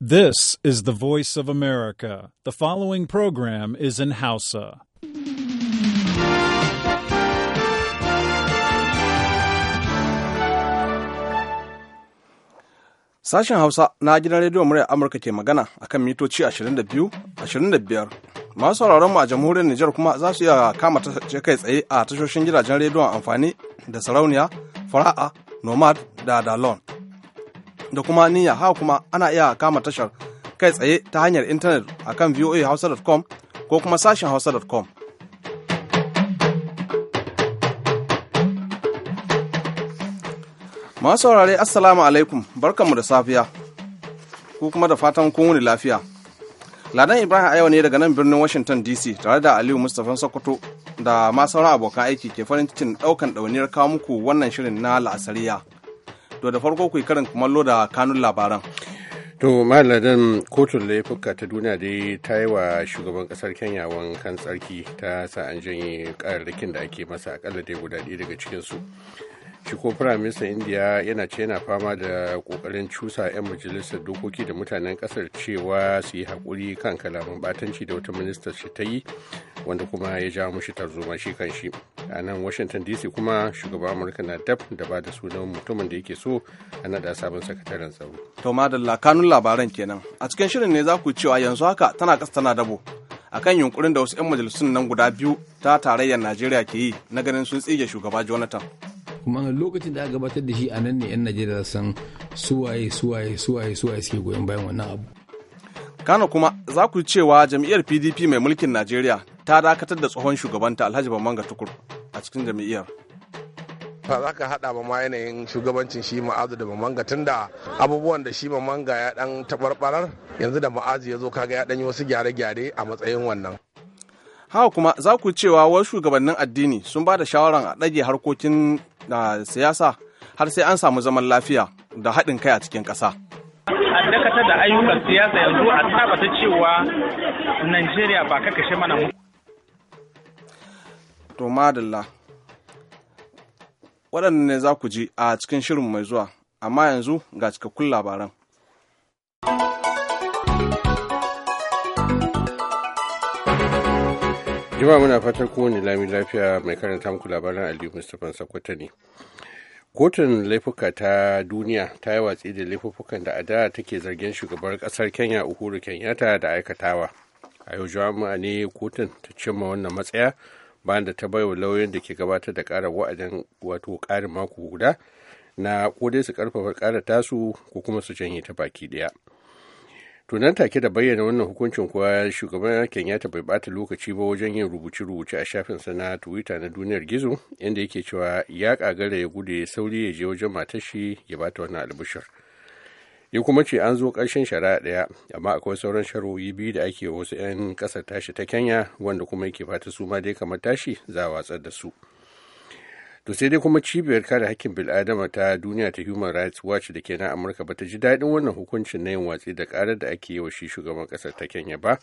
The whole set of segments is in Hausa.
This is the voice of America. The following program is in Hausa. Sashen Hausa na gidan rediyon muryar Amurka ke magana akan mitoci 22, 25. Masu sauraron mu a jamhuriyar Nijar kuma za su iya kama tashace kai tsaye a tashoshin gidajen rediyon amfani da sarauniya, fara'a, nomad da dalon. da kuma niyya haka kuma ana iya kama tashar kai tsaye ta hanyar intanet a kan voahausa.com ko kuma sashen hausa.com. Masu saurare Assalamu alaikum barkanmu da safiya ku kuma da fatan kun lafiya. Ladan Ibrahim Ayawa ne daga nan birnin Washington DC tare da Aliyu Mustapha Sokoto da ma sauran abokan aiki ke farin cikin ɗaukan ɗauniyar kawo muku wannan shirin na la'asariya. To da farko ku yi karin kumallo da kanun labaran. To maladan kotun laifuka ta duniya da ta yi wa shugaban kasar Kenya wankan tsarki ta sa an janye ƙararrakin da ake masa akalla dai guda ɗaya daga cikinsu. shi ko prime minister india yana ce yana fama da kokarin cusa 'yan majalisar dokoki da mutanen kasar cewa su yi haƙuri kan kalaman batanci da wata minista shi ta yi wanda kuma ya ja mushi tarzoma shi kan shi a nan washington dc kuma shugaban amurka na daf da ba da sunan mutumin da yake so a naɗa sabon sakataren tsaro to madalla kanun labaran kenan a cikin shirin ne za ku cewa yanzu haka tana kasa tana dabo akan yunkurin da wasu 'yan majalisun nan guda biyu ta tarayyar najeriya ke yi na ganin sun tsige shugaba jonathan kuma lokacin da aka gabatar da shi a nan ne 'yan najeriya san suwaye suwaye suwaye suwaye suke goyon bayan wannan abu Kano kuma za ku cewa jam'iyyar PDP mai mulkin Najeriya ta dakatar da tsohon shugabanta Alhaji Bamanga Tukur a cikin jam'iyyar. ba za ka haɗa ba ma yanayin shugabancin shi ma'azu da mamanga tunda abubuwan da shi mamanga ya ɗan taɓarɓarar yanzu da ma'azu ya zo kaga ya dan yi wasu gyare-gyare a matsayin wannan. hawa kuma za ku cewa wasu shugabannin addini sun ba da shawaran a ɗage harkokin da siyasa har sai an samu zaman lafiya da haɗin kai a cikin ƙasa. A dakatar da ayyukan siyasa yanzu a tabbata cewa Najeriya ba ka kashe mana mu. To madalla. waɗanda ne za ku ji a cikin shirin mai zuwa, amma yanzu ga cikakkun labaran. jima muna fatan kowane lami lafiya mai karanta muku labaran aliyu mustapha sakwata ne kotun laifuka ta duniya ta yi watsi da laifukan da a da take zargin shugabar kasar kenya uhuru kenyatta da aikatawa a yau jama'a ne kotun ta cimma wannan matsaya bayan da ta baiwa lauyan da ke gabatar da ƙara wa'adin wato ƙarin mako guda na kodai su karfafa ƙara tasu ko kuma su janye ta baki ɗaya to nan take da bayyana wannan hukuncin kuwa shugaban kenyatta bai bata lokaci ba wajen yin rubuce-rubuce a shafin sa na twitter na duniyar gizo inda yake cewa ya kagara ya gude sauri ya je wajen matar shi ya bata wannan albishir ya kuma ce an zo ƙarshen shari'a ɗaya amma akwai sauran shari'o'i biyu da ake wasu 'yan ƙasar tashi ta kenya wanda kuma yake fata su ma dai kamar tashi za a watsar da su to sai dai kuma cibiyar kare hakkin bil'adama ta duniya ta human rights watch da ke na amurka ba ta ji daɗin wannan hukuncin na yin watsi da ƙarar da ake yi wa shi shugaban ƙasar ta kenya ba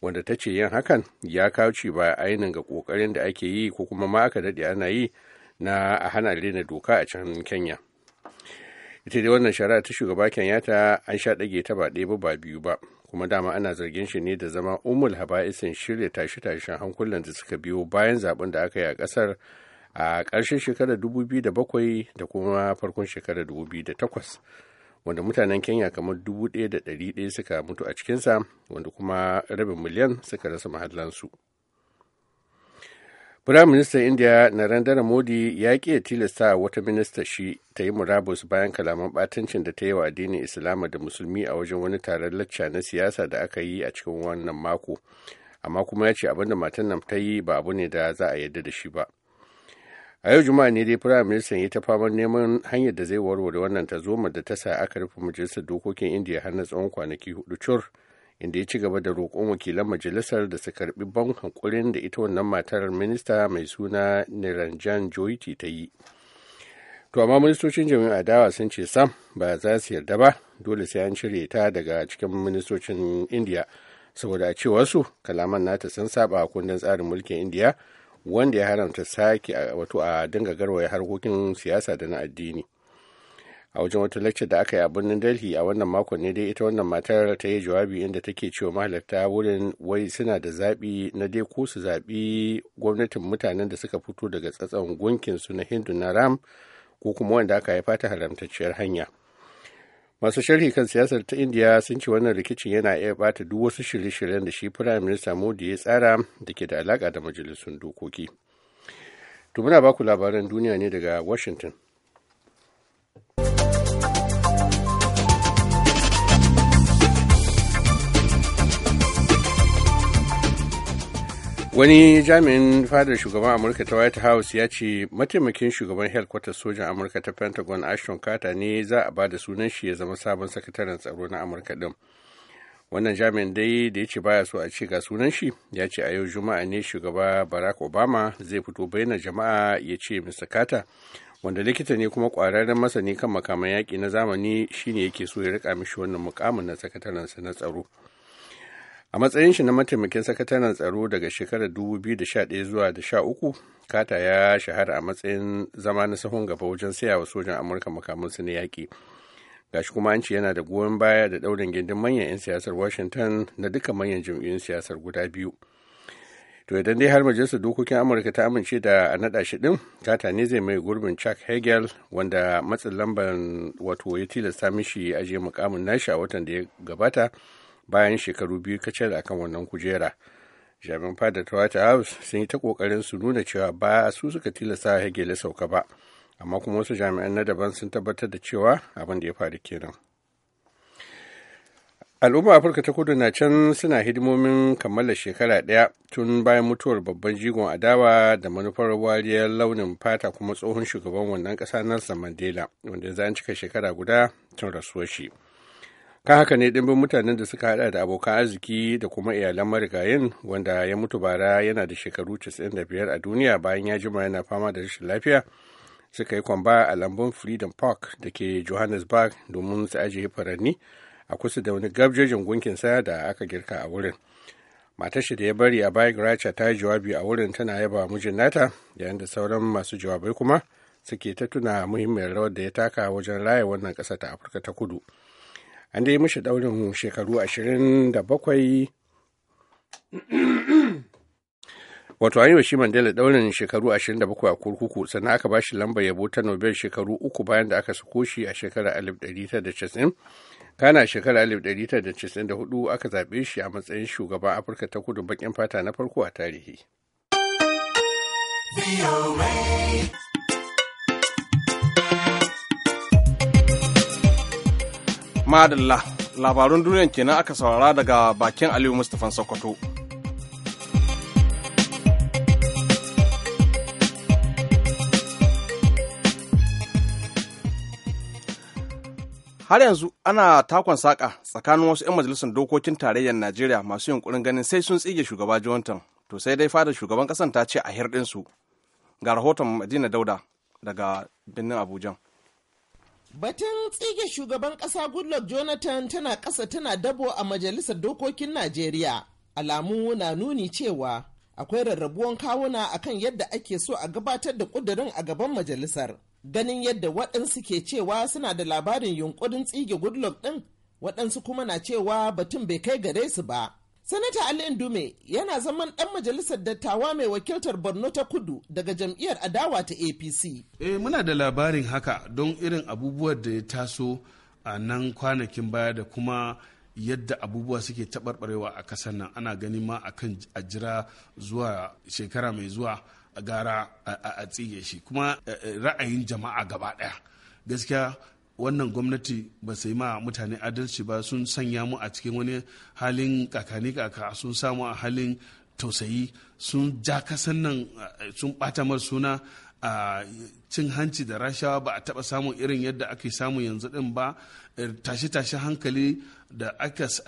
wanda ta ce yin hakan ya kawo ci baya ainihin ga ƙoƙarin da ake yi ko kuma ma aka daɗe ana yi na a hana daina doka a can kenya ita dai wannan shari'a ta shugaba kenyatta an sha ɗage ta ba ɗaya ba biyu ba kuma dama ana zargin shi ne da zama umul haba'isin shirya tashe-tashen hankulan da suka biyo bayan zaben da aka yi a ƙasar a ƙarshen shekarar 2007 da kuma farkon shekarar 2008 wanda mutanen kenya kamar 1,100 suka mutu a cikinsa wanda kuma rabin miliyan suka rasa mahallansu Firayim minista India Narendra Modi ya ƙi tilasta wata minista shi ta yi murabus bayan kalaman batancin da ta yi wa addinin Islama da Musulmi a wajen wani taron lacca na siyasa da aka yi a cikin wannan mako. Amma kuma ya ce da matan nan ta yi ba abu ne da za a yarda da shi ba. a yau juma'a ne dai firayim ministan ya ta faman neman hanyar da zai warware wannan tazoma da ta sa aka rufe majalisar dokokin indiya har na tsawon kwanaki hudu cur inda ya ci gaba da roƙon wakilan majalisar da su karbi ban hankulin da ita wannan matar minista mai suna niranjan joiti ta yi to amma ministocin jami'in adawa sun ce sam ba za su yarda ba dole sai an cire ta daga cikin ministocin indiya saboda a cewarsu kalaman nata sun saba kundin tsarin mulkin indiya wanda ya haramta sake wato a dinga garwaya harkokin siyasa da na addini a wajen wata lecture da aka yi a birnin delhi a wannan makon ne dai ita wannan matar ta yi jawabi inda take cewa mahalarta wurin wai suna da zaɓi na dai ko su zaɓi gwamnatin mutanen da suka fito daga gunkin su na hindu na ram ko kuma wanda aka haifa ta haramtacciyar hanya masu sharhi kan siyasar ta indiya sun ce wannan rikicin yana iya bata duk wasu shirye-shiryen da shi firayim minista modi ya tsara da ke da alaka da majalisun dokoki to muna baku labaran duniya ne daga washington wani jami'in fadar shugaban amurka ta white house ya ce mataimakin shugaban headquarters sojan amurka ta pentagon ashton carter ne za a ba da sunan shi ya zama sabon sakataren tsaro na amurka din wannan jami'in dai da ya ce baya so a ce ga sunan shi ya ce a yau juma'a ne shugaba barack obama zai fito bayyana jama'a ya ce mr carter wanda likita ne kuma kwararren masani kan makaman yaƙi na zamani shine yake so ya rika mishi wannan mukamin na sakatarensa na tsaro a matsayin shi na mataimakin sakataren tsaro daga shekarar 2011 zuwa 2013 kata ya shahara a matsayin zama na sahun gaba wajen saya wa sojan amurka su na yaƙi gashi kuma an ce yana da goyon baya da ɗaurin gindin manyan 'yan siyasar washington na duka manyan jam'iyyun siyasar guda biyu to idan dai har majalisar dokokin amurka ta amince da a naɗa shi ɗin kata ne zai mai gurbin chuck hegel wanda matsin lamban wato ya tilasta mishi ajiye mukamin nashi a watan da ya gabata bayan shekaru biyu kacal akan wannan kujera jami'an fada ta white house sun yi ta kokarin su nuna cewa ba su suka tilasta hegele sauka ba amma kuma wasu jami'an na daban sun tabbatar da cewa abin da ya faru kenan al'umma afirka ta kudu na can suna hidimomin kammala shekara ɗaya tun bayan mutuwar babban jigon adawa da manufar wariyar launin fata kuma tsohon shugaban wannan ƙasa nelson mandela wanda ya cika shekara guda tun rasuwa shi Ka haka ne ɗimbin mutanen da suka hada da abokan arziki da kuma iyalan marigayin wanda ya mutu bara yana da shekaru 95 a duniya bayan ya jima yana fama da rashin lafiya suka yi kwamba a lambun Freedom Park da ke Johannesburg domin su ajiye faranni a kusa da wani gabjejin sa da aka girka a wurin. matar shi da ya bari a baya gracha ta yi jawabi a wurin tana yaba mijin nata yayin da sauran masu jawabai kuma suke ta tuna muhimmiyar rawar da ya taka wajen raya wannan ƙasa ta afirka ta kudu an dai mishi daurin shekaru ashirin da bakwai wato an yi wa shi mandela daurin shekaru 27 a kurkuku sannan aka ba shi lambar yabo ta nobel shekaru uku bayan da aka sako shi a shekarar 1990 kana shekarar 1994 aka zaɓe shi a matsayin shugaban afirka ta kudu bakin fata na farko a tarihi madalla labarun duniyan kenan aka saurara daga bakin aliyu mustapha sokoto har yanzu ana takon saƙa tsakanin wasu 'yan majalisar dokokin tarayyar najeriya masu yunkurin ganin sai sun tsige shugaba jonathan to sai dai fadar shugaban ƙasan ta ce a hirɗinsu ga rahoton madina dauda daga birnin abuja Batun tsige shugaban ƙasa Goodluck Jonathan tana ƙasa tana dabo a Majalisar Dokokin Najeriya. Alamu na nuni cewa akwai rarrabuwan kawuna akan yadda ake so a gabatar da ƙudurin a gaban majalisar. Ganin yadda waɗansu ke cewa suna da labarin yunƙurin tsige Goodluck ɗin, waɗansu kuma na cewa batun bai kai gare su ba. Sanata Ali Indume yana zaman ɗan majalisar dattawa mai wakiltar Borno ta kudu daga jam'iyyar adawa ta APC. Eh muna da labarin haka don irin abubuwan da ya taso a nan kwanakin baya da kuma yadda abubuwa suke taɓarɓarewa a ƙasar nan ana gani ma akan a jira zuwa shekara mai zuwa a gara a tsige shi kuma eh, eh, ra'ayin jama'a gaba ɗaya gaskiya wannan gwamnati ba sai ma mutane adalci ba sun sanya mu a cikin wani halin kakani kaka sun samu a halin tausayi sun ja kasan nan eh, sun bata mar suna a cin hanci da rashawa ba a taba samun irin yadda ake samu yanzu din ba tashi eh, tashi hankali da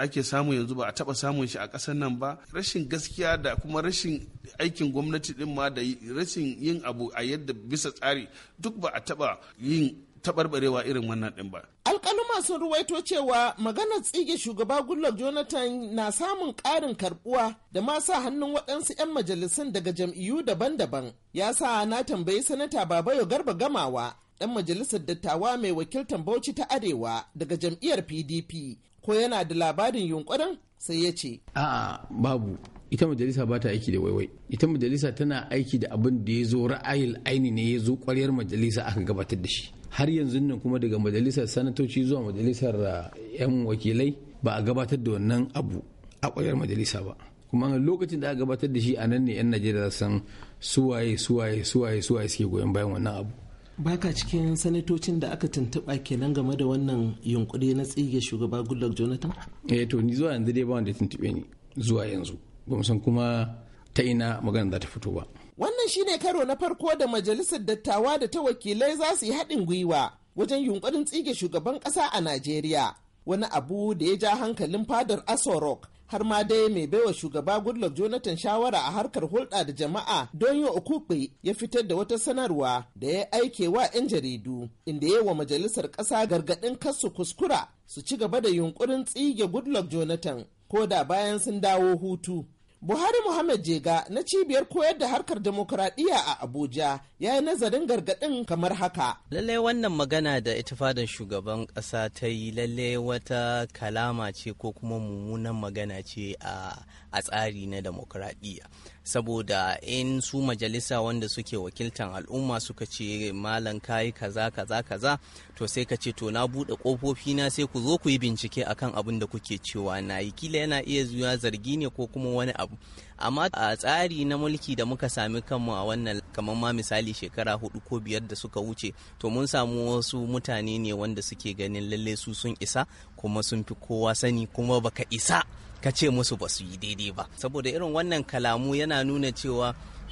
ake samu yanzu ba a taba samun shi a kasan nan ba rashin gaskiya da kuma rashin aikin gwamnati din ma da rashin yin abu a yadda bisa tsari duk ba a taba yin taɓarɓarewa irin wannan ɗin ba. Alƙaluma sun ruwaito cewa maganar tsige shugaba Goodluck Jonathan na samun ƙarin karɓuwa da ma sa hannun waɗansu 'yan majalisun daga jam'iyyu daban-daban. Ya sa na tambayi sanata Babayo Garba Gamawa, ɗan majalisar dattawa mai wakiltar Bauchi ta Arewa daga jam'iyyar PDP. Ko yana da labarin yunƙurin sai ya ce. A'a babu ita majalisa ba ta aiki da waiwai ita majalisa tana aiki da abin da ya zo ra'ayil aini ne ya zo kwaryar majalisa aka gabatar da shi har yanzu nan kuma daga majalisar sanatoci zuwa majalisar eh, 'yan wakilai ba a gabatar da wannan abu a ƙwayar majalisa ba kuma lokacin da aka gabatar da shi a nan ne 'yan najeriya san suwaye suwaye suwaye suwaye suke goyon bayan wannan abu baka cikin sanatocin da aka tuntuɓa kenan game da wannan yunkuri na tsige shugaba goodluck jonathan eh to ni zuwa yanzu dai ba wanda ya tuntuɓe ni zuwa yanzu ba san kuma ta ina magana za ta fito ba Wannan shine karo na farko da majalisar dattawa da ta wakilai za su yi haɗin gwiwa wajen yunkurin tsige shugaban ƙasa a Najeriya. Wani abu da ya ja hankalin fadar Asorok har ma dai mai baiwa shugaba Goodluck Jonathan shawara a harkar hulɗa da jama'a don yi okukpe ya fitar da wata sanarwa da ya aike wa 'yan jaridu inda ya wa majalisar ƙasa gargaɗin kasu kuskura su ci gaba da yunkurin tsige Goodluck Jonathan ko da bayan sun dawo hutu. Buhari Muhammad Jega na cibiyar koyar da harkar demokuraɗiyya a Abuja ya yi nazarin gargaɗin kamar haka. Lallai wannan magana da ita shugaban ƙasa ta yi lallai wata kalama ce ko kuma mummunan magana ce a tsari na demokuraɗiyya. saboda in su majalisa wanda suke wakiltan al'umma suka ce malam kayi kaza kaza kaza to sai ka ce to na buɗe kofofi na sai ku zo ku yi bincike akan abin da kuke cewa na yi kila yana iya zuwa zargi ne ko kuma wani abu amma a tsari na mulki da muka sami kanmu a wannan kamar ma misali shekara hudu ko biyar da suka wuce to mun samu wasu mutane ne wanda suke ganin lalle su sun isa kuma sun fi kowa sani kuma baka isa ka ce musu ba su yi daidai ba saboda irin wannan kalamu yana nuna cewa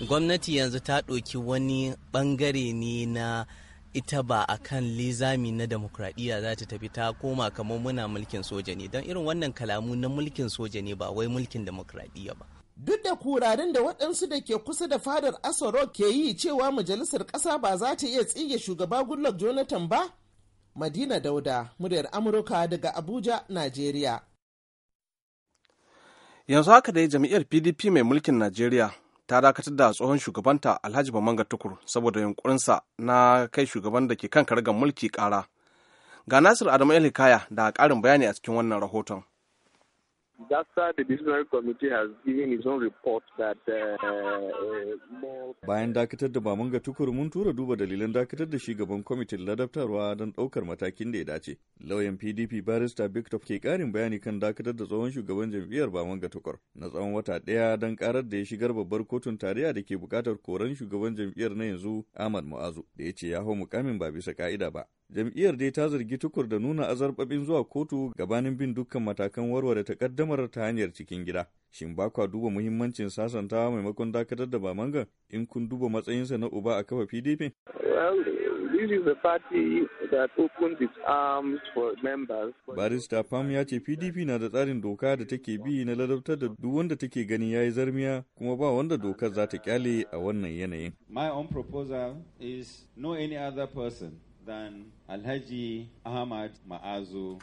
gwamnati yanzu ta ɗoki wani ɓangare ne na ita ba a kan lizami na demokradiyya za ta tafi ta koma kamar muna mulkin soja ne don irin wannan kalamu na mulkin soja ne ba wai mulkin demokradiyya ba duk da kurarin da waɗansu da ke kusa da fadar asoro ke yi cewa majalisar ƙasa ba za ta iya tsige shugaba goodluck jonathan ba madina dauda muryar amurka daga abuja nigeria. yanzu haka dai jam'iyyar pdp mai mulkin najeriya ta dakatar da tsohon shugabanta alhaji bamanga tukur saboda yunkurinsa na kai shugaban da ke kan karagar mulki kara ga nasir adamu hikaya da ƙarin bayani a cikin wannan rahoton Uh, uh, Bayan dakatar da Bamanga Tukur mun tura duba dalilan dakatar da shugaban kwamitin ladabtarwa don ɗaukar matakin da ya dace. Lauyan PDP barista Victor ke ƙarin bayani kan dakatar da tsohon shugaban jam'iyyar ga Tukur na tsawon wata ɗaya don ƙarar da ya shigar babbar kotun tarayya da ke buƙatar koran shugaban jam'iyyar na yanzu Ahmad Mu'azu da ya ce ya hau mukamin ba bisa ka'ida ba. Jam'iyyar dai ta zargi tukur da nuna azarbabin zuwa kotu gabanin bin dukkan matakan warware ta kaddamar ta hanyar cikin gida. Shin ba kwa duba muhimmancin sasantawa maimakon dakatar da Bamanga in kun duba matsayinsa na uba a kafa PDP? Barista Pam ya ce PDP na da tsarin doka da take bi na ladabtar da duk wanda take gani ya yi zarmiya kuma ba wanda dokar za ta kyale a wannan yanayin. My own proposal is no any other person than Alhaji Ahmad Ma'azu.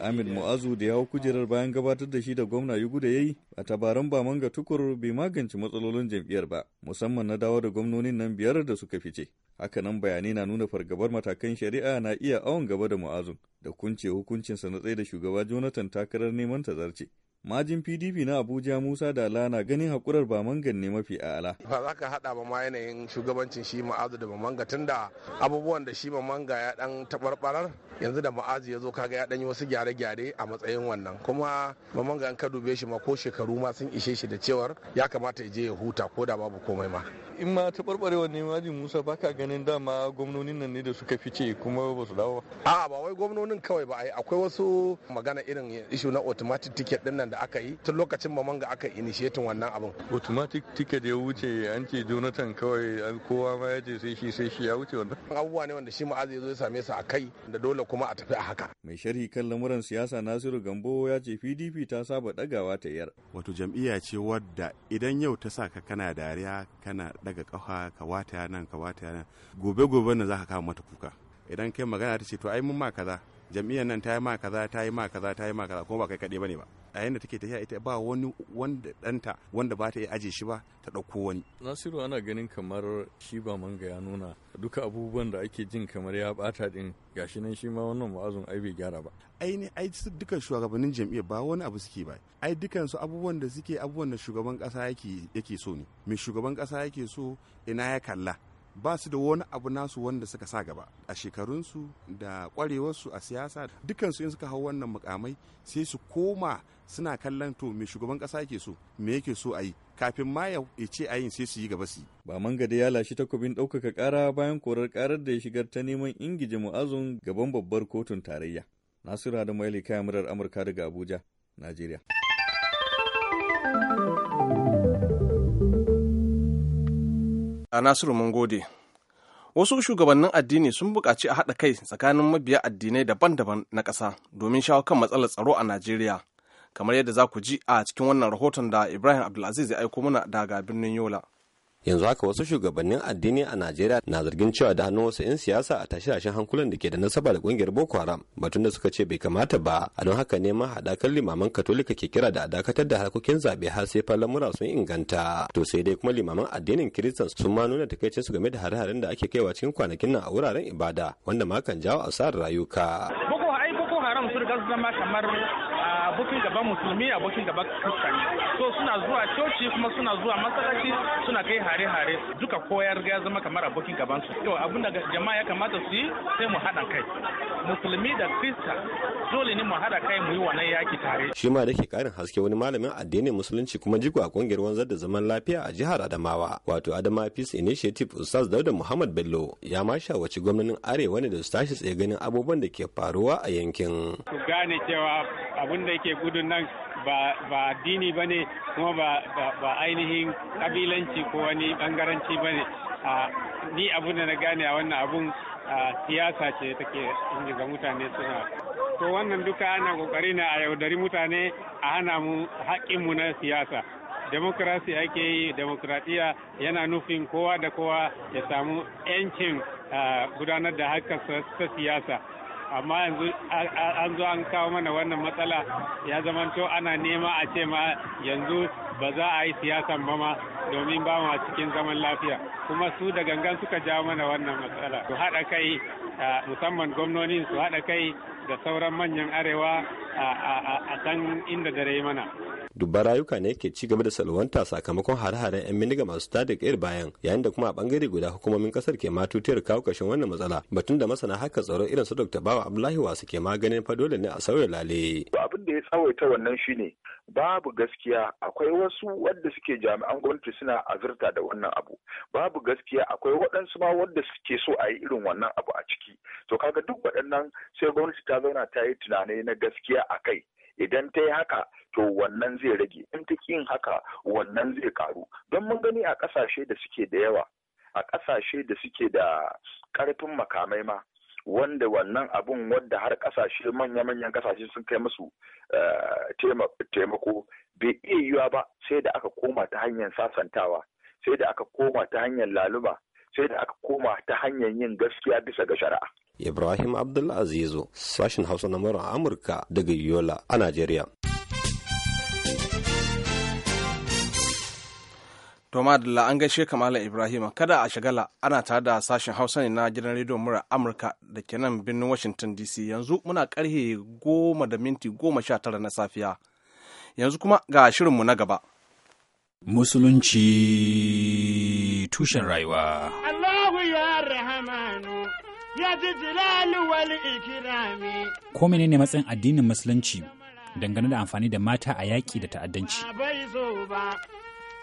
Amin Mu'azu da ya hau kujerar bayan gabatar da shi da gwamna Yugu da ya yi a tabaran manga tukur bai magance matsalolin jam'iyyar ba, musamman na dawo da gwamnonin nan biyar da suka fice. Haka nan bayanai na nuna fargabar matakan shari'a na iya awon gaba da Mu'azu da kunce hukuncinsa na tsaye da shugaba Jonathan takarar neman tazarce. Majin PDP na Abuja Musa da Lana ganin hakurar Bamangan ne mafi ala. Ba za ka haɗa ba ma yanayin shugabancin shi ma'azu da Bamanga tunda abubuwan da shi Bamanga ya ɗan taɓarɓarar yanzu da ma'azi ya zo kaga ya danyi wasu gyare-gyare a matsayin wannan kuma mamman ga an ka dube shi ma ko shekaru ma sun ishe shi da cewar ya kamata ya je ya huta ko da babu komai ma in ma ta barbare ne maji musa baka ganin dama gwamnonin nan ne da suka fice kuma ba su dawo a ba wai gwamnonin kawai ba ai akwai wasu magana irin ishu na automatic ticket din nan da aka yi tun lokacin mamman ga aka initiating wannan abin automatic ticket ya wuce an ce jonathan kawai kowa ma ya ce sai shi sai shi ya wuce wannan abubuwa ne wanda shi ma'azi ya zo ya same su a kai da dole kuma a tafi a haka. Mai sharhi kan lamuran siyasa Nasiru Gambo ya ce PDP ta saba dagawa ta yar. Wato jam'iyya ce wadda idan yau ta sa ka kana dariya kana daga kafa ka wata nan ka wata nan gobe gobe na za ka kawo mata kuka. Idan kai magana ta ce to ai mun ma kaza jam'iyyar nan ta yi ma kaza ta yi ma kaza ta yi ma kaza kuma ba kai kaɗai ba ne ba. a yadda take tafiya ita ba wani wanda ɗanta wanda ba ta iya aje shi ba ta ɗauko wani. Nasiru ana ganin kamar shi ba manga ya nuna duka abubuwan da ake jin kamar ya bata din gashi nan shi ma wannan ma'azun ai bai gyara ba. Ai ne ai dukan shugabannin jam'iyyar ba wani abu suke ba. Ai dukan su abubuwan da suke abubuwan da shugaban kasa yake yake so ne. Me shugaban kasa yake so ina ya kalla. ba su da wani abu nasu wanda suka sa gaba a shekarunsu da kwarewarsu a siyasa dukansu in suka hau wannan mukamai sai su koma suna kallon to me shugaban kasa yake so me yake so a yi kafin ma ya ce ayin sai su yi gaba su ba gada ya lashi takobin ɗaukaka ƙara bayan korar ƙarar da ya shigar ta neman ingije mu'azun gaban babbar kotun tarayya nasiru da maili kayan murar amurka daga abuja najeriya a Nasiru mun gode. Wasu shugabannin addini sun buƙaci a haɗa kai tsakanin mabiya addinai daban-daban na ƙasa domin shawo kan matsalar tsaro a Najeriya, kamar yadda za ku ji a cikin wannan rahoton da Ibrahim Abdulaziz ya aiko mana daga birnin Yola. yanzu haka wasu shugabannin addini a najeriya na zargin cewa da hannun wasu 'yan siyasa a tashe-tashen hankulan da ke da nasaba da kungiyar boko haram batun da suka ce bai kamata ba a don haka neman hadakar limaman katolika ke kira da a dakatar da harkokin zaɓe har sai lamura sun inganta to sai dai kuma limaman addinin kiristan sun ma nuna su game da hare-haren da ake kaiwa cikin kwanakin nan a wuraren ibada wanda ma kan jawo asarar rayuka. boko haram sun abokin gaba musulmi abokin gaba kristani so suna zuwa coci kuma suna zuwa masallaci suna kai hare-hare duka koyar ya zama kamar abokin gaban su to abinda jama'a ya kamata su yi sai mu haɗa kai musulmi da krista dole ne mu haɗa kai mu yi wannan yaki tare shi ma dake karin haske wani malamin addinin musulunci kuma jigo a kungiyar wanzar da zaman lafiya a jihar adamawa wato adama peace initiative ustaz dauda muhammad bello ya ma shawarci gwamnanin arewa ne da su tashi tsaye ganin abubuwan da ke faruwa a yankin su gane cewa abin da ake gudun nan ba addini ba ne kuma ba ainihin kabilanci ko wani bangaranci ba ne ni abun da na gane a wannan abun siyasa ce take ingiza mutane suna to wannan duka ana kokari na a yaudari mutane a hana mu haƙƙinmu na siyasa demokrasi ake yi demokradiyya yana nufin kowa da kowa ya samu 'yancin gudanar da harkarsa ta siyasa amma yanzu an zo an kawo mana wannan matsala ya zamanto ana nema a ce ma yanzu ba za a yi siyasan ba ma domin ba ma cikin zaman lafiya kuma su da gangan suka jawo mana wannan matsala su haɗa kai musamman gwamnonin su haɗa kai da sauran manyan arewa a san inda dare mana dubban rayuka ne ke ci gaba da salwanta sakamakon hare-haren 'yan bindiga masu tada kayar bayan yayin da kuma a bangare guda hukumomin kasar ke ma tutiyar kawo kashin wannan matsala batun da masana haka tsaro irin su dr bawa abdullahi wasu ke maganin fa dole ne a sauya lale abin da ya tsawaita wannan shine babu gaskiya akwai wasu wadda suke jami'an gwamnati suna azurta da wannan abu babu gaskiya akwai waɗansu ma wadda suke so a yi irin wannan abu a ciki to kaga duk waɗannan sai gwamnati ta zauna ta yi tunani na gaskiya a kai idan ta yi haka to wannan zai rage in ta yin haka wannan zai ƙaru. don mun gani a ƙasashe da suke da yawa a ƙasashe da suke da ƙarfin makamai ma wanda wannan abun wadda har ƙasashe manya-manyan ƙasashe sun kai musu eh, taimako bai iya yiwa ba sai da aka koma ta hanyar sasantawa sai da aka koma ta hanyar laluba sai da aka koma ta hanyar yin gaskiya bisa ga shari'a Ibrahim Abdullah Azizu, sashen Hausa na Amurka daga Yola a Najeriya. To madalla an gaishe Kamala Ibrahim kada a shagala ana tare da sashen Hausa ne na gidan rediyon murar Amurka da ke nan birnin Washington DC yanzu muna karhe goma da minti goma sha tara na safiya. Yanzu kuma ga shirinmu na gaba. Musulunci tushen rayuwa. ya ji jilali wal ikirami. Ko menene matsayin addinin musulunci dangane da amfani da mata a yaƙi da ta'addanci? Bai zo ba,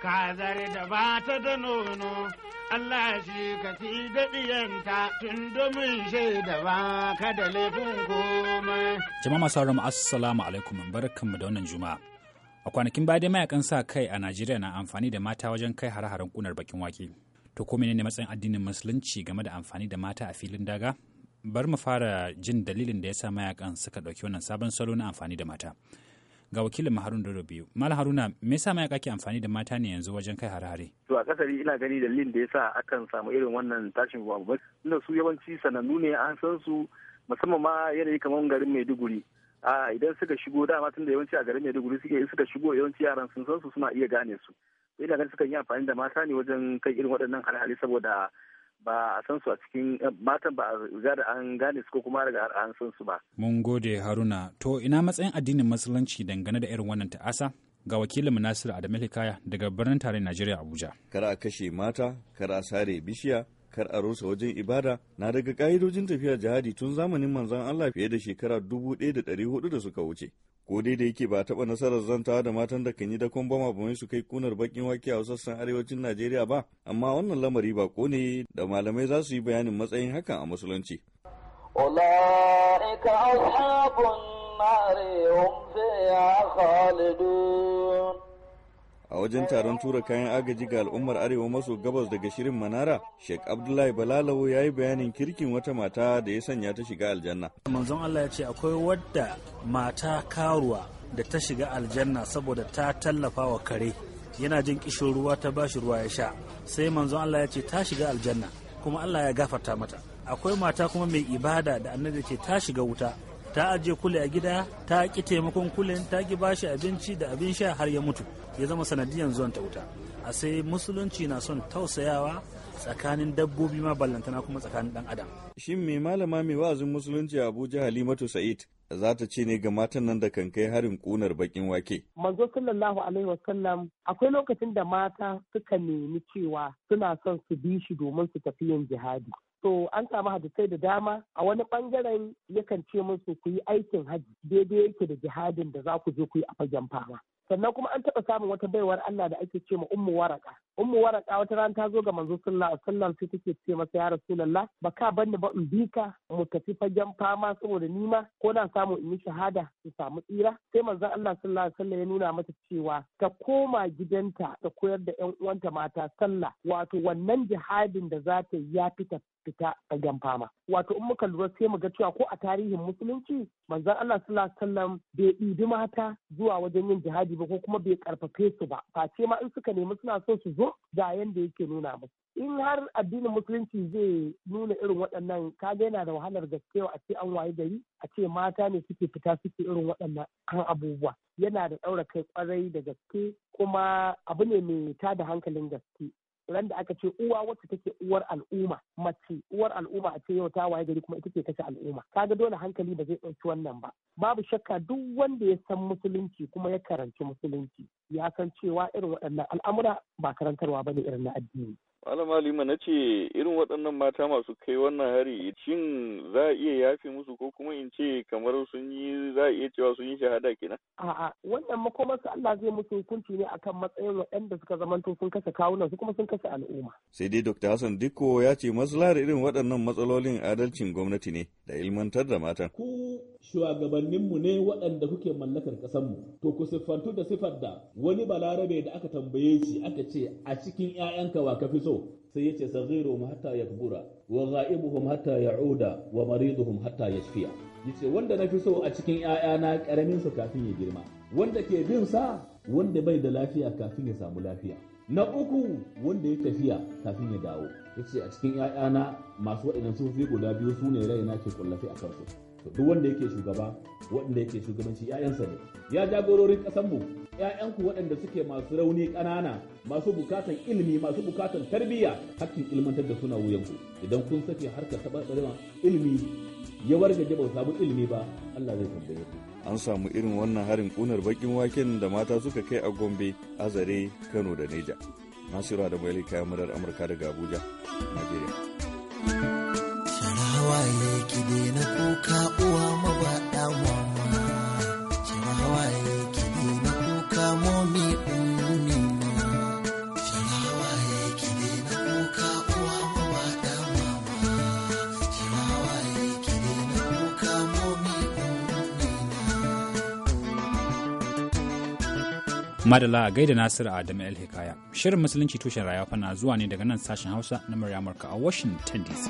kazar da ba ta da nono, Allah shi ka fi daɗiyanta tun domin shaida ba ka da laifin komai. Jama'a masu haramu assalamu alaikum barkanmu da wannan juma'a. A kwanakin baya dai mayakan sa kai a Najeriya na amfani da mata wajen kai hare-haren kunar bakin wake. To ko menene matsayin addinin musulunci game da amfani da mata a filin daga? Bar mu fara jin dalilin da ya sa mayakan suka ɗauki wannan sabon salo na amfani da mata. Ga wakilin Maharun Dodo biyu. Mal Haruna, me yasa mayaka ke amfani da mata ne yanzu wajen kai hare-hare? To a kasari ina gani dalilin da ya sa akan samu irin wannan tashin ba. inda su yawanci sanannu ne an san su musamman ma yanayi kamar garin Maiduguri. a idan suka shigo dama tun da yawanci a garin Maiduguri suke suka shigo yawanci yaran sun san su suna iya gane su ina ganin sukan yi amfani da mata ne wajen kai irin waɗannan hali saboda ba a san su a cikin matan ba a riga da an gane su ko kuma daga an san su ba. Mun gode Haruna, to ina matsayin addinin Musulunci dangane da irin wannan ta'asa? Ga wakilin Nasiru Adamu Hikaya daga birnin tarayyar Najeriya Abuja. Kara kashe mata, kara sare bishiya, kar a rusa wajen ibada na daga ka'idojin tafiya jihadi tun zamanin manzan Allah fiye da shekara dubu ɗaya da ɗari hudu da suka wuce. Ko dai da yake ba a taɓa nasarar zantawa da matan da kan yi dakon bama ba mai su kai kunar bakin wake a sassan arewacin Najeriya ba, amma wannan lamari ba ko ne da malamai za su yi bayanin matsayin hakan a musulunci. أولئك أصحاب النار a wajen taron tura kayan agaji ga al'ummar arewa maso gabas daga shirin manara sheik abdullahi balalawo ya yi bayanin kirkin wata mata da ya sanya ta shiga aljanna manzon allah ya ce akwai wadda mata karuwa da ta shiga aljanna saboda ta tallafa wa kare yana jin kishin ruwa ta ba shi ruwa ya sha sai manzon allah ya ce ta shiga aljanna kuma allah ya gafarta mata akwai mata kuma mai ibada da annabi ce ta shiga wuta ta ajiye kule a gida ta ki taimakon kulen ta ki shi abinci da abin sha har ya mutu ya zama sanadiyan zuwan ta wuta a sai musulunci na son tausayawa tsakanin dabbobi ma ballantana kuma tsakanin dan adam shin mai malama mai wa'azin musulunci a Abuja Halimatu Sa'id za ta ce ne ga matan nan da kan kai harin kunar bakin wake. Manzo sallallahu alaihi wasallam akwai lokacin da mata suka nemi cewa suna son su bi shi domin su tafi yin jihadi. to an samu hadisai da dama a wani bangaren yakan ce musu ku yi aikin hajji daidai yake da jihadin da za ku je ku yi a fagen fama sannan kuma an taɓa samun wata baiwar Allah da ake ce ma ummu waraka ummu waraka wata rana ta zo ga manzo sallallahu alaihi wasallam sai take ce masa ya rasulullah ba ka banni ba in bi ka mu tafi fagen fama saboda ni ma ko na samu in yi shahada su samu tsira sai manzo Allah sallallahu alaihi wasallam ya nuna mata cewa ta koma gidanta ta koyar da 'yan uwanta mata sallah wato wannan jihadin da za ta yi ya fita fita fagen fama wato in muka lura sai mu ga cewa ko a tarihin musulunci manzan Allah sallallahu alaihi wasallam bai ɗibi mata zuwa wajen yin jihadi ba ko kuma bai karfafe su ba face ma in suka nemi suna so su zo ga yanda yake nuna musu in har addinin musulunci zai nuna irin waɗannan kaga yana da wahalar gaske a ce an waye gari a ce mata ne suke fita suke irin waɗannan kan abubuwa yana da ɗaura kai kwarai da gaske kuma abu ne mai tada hankalin gaske ran da aka ce uwa wacce take uwar al'umma mace uwar al'umma a ce yau ta waye gari kuma ita ce kashe al'umma kaga dole hankali ba zai ɗauki wannan ba babu shakka duk wanda ya san musulunci kuma ya karanci musulunci ya san cewa irin waɗannan al'amura ba karantarwa ne irin na addini Malama Lima na ce irin waɗannan mata masu kai wannan hari shin za a iya yafe musu ko kuma in ce kamar sun yi za a iya cewa sun yi shahada kenan? A'a wannan makomarsu Allah zai musu hukunci ne akan matsayin waɗanda suka zamanto sun kasa kawunan su kuma sun kasa al'umma. Sai dai Dr. Hassan Dikko ya ce maslahar irin waɗannan matsalolin adalcin gwamnati ne da ilmantar da matan. Ku shugabanninmu ne waɗanda kuke mallakar ƙasarmu to ku siffantu da siffar da wani balarabe da aka tambaye shi aka ce a cikin 'ya'yanka wa ka fi so zo sai yace saghiruhum hatta yakbura wa ghaibuhum hatta ya'uda wa mariduhum hatta yashfiya yace wanda nafi so a cikin 'ya'yana karamin su kafin ya girma wanda ke bin sa wanda bai da lafiya kafin ya samu lafiya na uku wanda ya tafiya kafin ya dawo yace a cikin 'ya'yana masu waɗannan sufi guda biyu sune ne raina ke kullafi a kansu to duk wanda yake shugaba wanda yake shugabanci 'ya'yansa ne ya jagororin mu 'ya'yanku waɗanda suke masu rauni ƙanana masu bukatan ilimi masu bukatan tarbiyya hakkin ilmantar da suna wuyanku idan kun sake harkar taɓarɓarewa ilimi ya wargaje ba samu ilimi ba Allah zai tambaye ku an samu irin wannan harin kunar bakin waken da mata suka kai a Gombe Azare Kano da Neja Nasiru da Maili kayan murar Amurka daga Abuja nigeria. Waye ki na kuka uwa mabu Madala a gaida Nasir Adamu El Hikaya. Shirin Musulunci tushen rayuwa fana zuwa ne daga nan sashen Hausa na murya Amurka a Washington DC.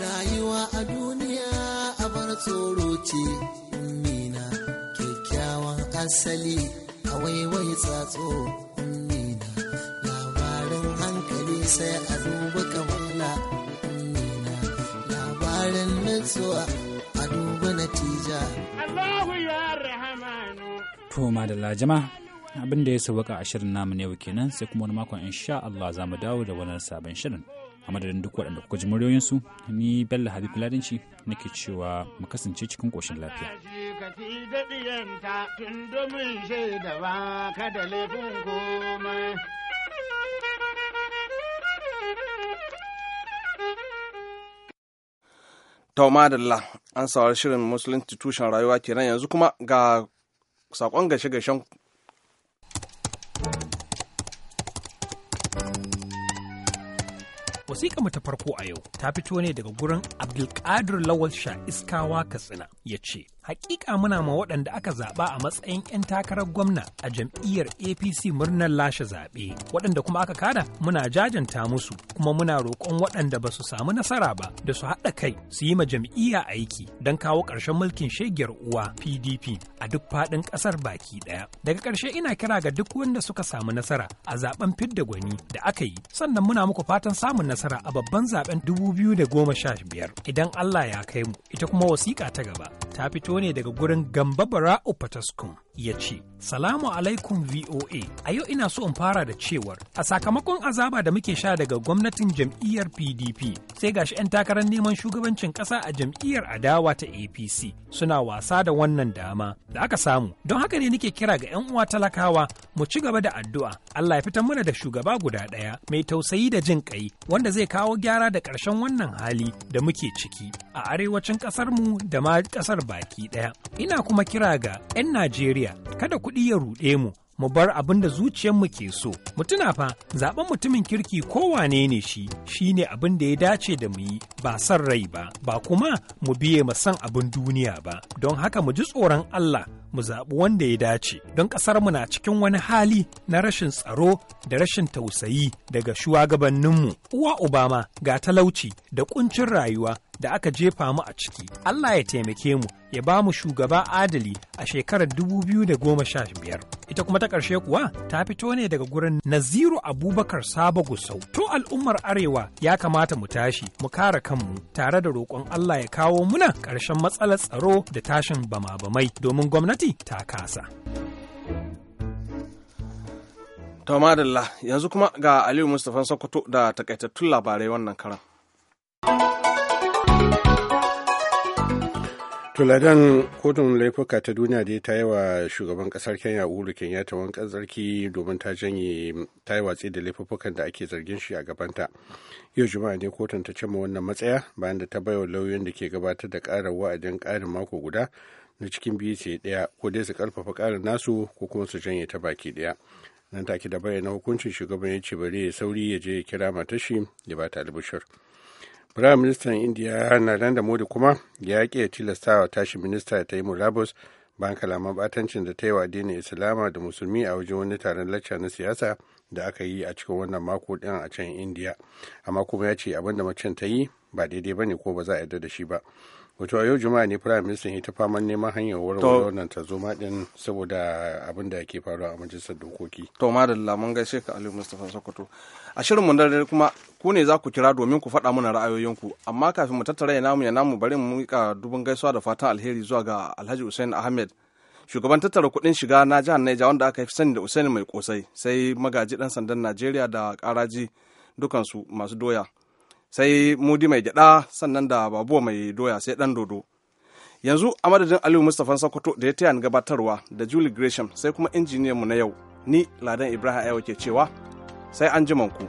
Rayuwa a duniya a bar tsoro ce, nina kyakkyawan asali a waiwai tsatso, nina labarin hankali sai a duba kamala, nina labarin mutuwa a duba natija. Allahu ya rahamanu. To, madalla jama'a. abin da ya sauka a shirin namu ne kenan sai kuma wani makon insha Allah za mu dawo da wani sabon shirin a madadin duk waɗanda kuka ji muryoyinsu ni Bello Habib Ladinci nake cewa mu kasance cikin koshin lafiya. Tauma Dalla an saurari shirin Musulunci tushen rayuwa kenan yanzu kuma ga sakon gashe-gashen wasiƙa mata farko a yau ta fito ne daga gurin abdulkadir lawal sha iskawa katsina ya ce hakika muna ma waɗanda aka zaɓa a matsayin 'yan takarar gwamna a jam'iyyar apc murnar lashe zaɓe waɗanda kuma aka kada muna jajanta musu kuma muna roƙon waɗanda ba su samu nasara ba da su haɗa kai su yi ma jam'iyya aiki don kawo ƙarshen mulkin shegiyar uwa pdp a duk faɗin ƙasar baki ɗaya daga ƙarshe ina kira ga duk wanda suka samu nasara a zaɓen fidda gwani da aka yi sannan muna muku fatan samun nasara a babban zaɓen biyar. idan allah ya kai mu ita kuma wasiƙa ta gaba ta fito ne daga gurin Gamba Bara'u Fataskum. ya ce, Salamu alaikum VOA, a yau ina so in fara da cewar, a sakamakon azaba da muke sha daga gwamnatin jam'iyyar PDP, sai gashi 'yan takarar neman shugabancin ƙasa a jam'iyyar adawa ta APC suna wasa da wannan dama da aka samu. Don haka ne nake kira ga 'yan uwa talakawa mu ci gaba da addu'a, Allah ya fitar mana da shugaba guda ɗaya mai tausayi da jin ƙai wanda zai kawo gyara da ƙarshen wannan hali da muke ciki a arewacin ƙasarmu da ma ƙasar baki ɗaya. Ina kuma kira ga 'yan Najeriya kada kuɗi ya ruɗe mu, mu bar abin da zuciyarmu ke so. Mu tuna fa, zaɓen mutumin kirki ko wane ne shi, shi ne abin da ya dace da mu yi, ba son rai ba, ba kuma mu biye mu son abin duniya ba. Don haka mu ji tsoron Allah, mu zaɓi wanda ya dace don ƙasarmu na cikin wani hali na rashin tsaro da rashin tausayi daga shugabanninmu uwa obama ga talauci da kuncin rayuwa da aka jefa mu a ciki allah ya taimake mu ya ba mu shugaba adali a shekarar dubu biyu da goma sha biyar. ita kuma ta ƙarshe kuwa ta fito ne daga gurin naziru abubakar sabo gusau to al'ummar arewa ya kamata mu tashi mu kara kanmu tare da roƙon allah ya kawo muna ƙarshen matsalar tsaro da tashin bama-bamai domin gwamnati gwamnati ta kasa. To madalla yanzu kuma ga Aliyu Mustapha Sokoto da takaitattun labarai wannan karan. tuladan kotun laifuka ta duniya da ta yi wa shugaban kasar kenya uhuru kenyatta wankan zarki domin ta janye ta yi watsi da laifukan da ake zargin shi a gabanta yau juma'a ne kotun ta cimma wannan matsaya bayan da ta baiwa lauyoyin da ke gabatar da karar wa'adin karin mako guda na cikin biyu ce ɗaya ko dai su karfafa ƙarin nasu ko kuma su janye ta baki ɗaya nan take da bayyana hukuncin shugaban ya ce bari ya sauri ya je ya kira matashi ya ba ta albishir prime ministan india narendra modi kuma ya ƙi ya tilasta wa tashi minista ta yi murabus bayan kalaman batancin da ta yi wa addinin islama da musulmi a wajen wani taron lacca na siyasa da aka yi a cikin wannan mako ɗin a can india amma kuma ya ce abin da macen ta yi ba daidai ba ne ko ba za a yarda da shi ba wato a yau juma'a ne prime minister ya ta faman neman hanyar wurin wannan zo din saboda abin da ke faruwa a majalisar dokoki to madalla mun ga sheka ali mustafa sokoto a shirin mu dare kuma ku ne za ku kira domin ku faɗa mana ra'ayoyinku amma kafin mu tattara ya namu ya namu bari mu mika dubin gaisuwa da fatan alheri zuwa ga alhaji usain ahmed shugaban tattara kuɗin shiga na jihar naija wanda aka fi sani da usain mai kosai sai magaji dan sandan najeriya da karaji dukansu masu doya sai mudi mai gyada sannan da babuwa mai doya sai dan dodo yanzu a madadin aliyu mustapha sokoto da ya taya ni gabatarwa da julie gresham sai kuma injiniyanmu na yau ni ladan ibrahim ayawa ke cewa sai an ku.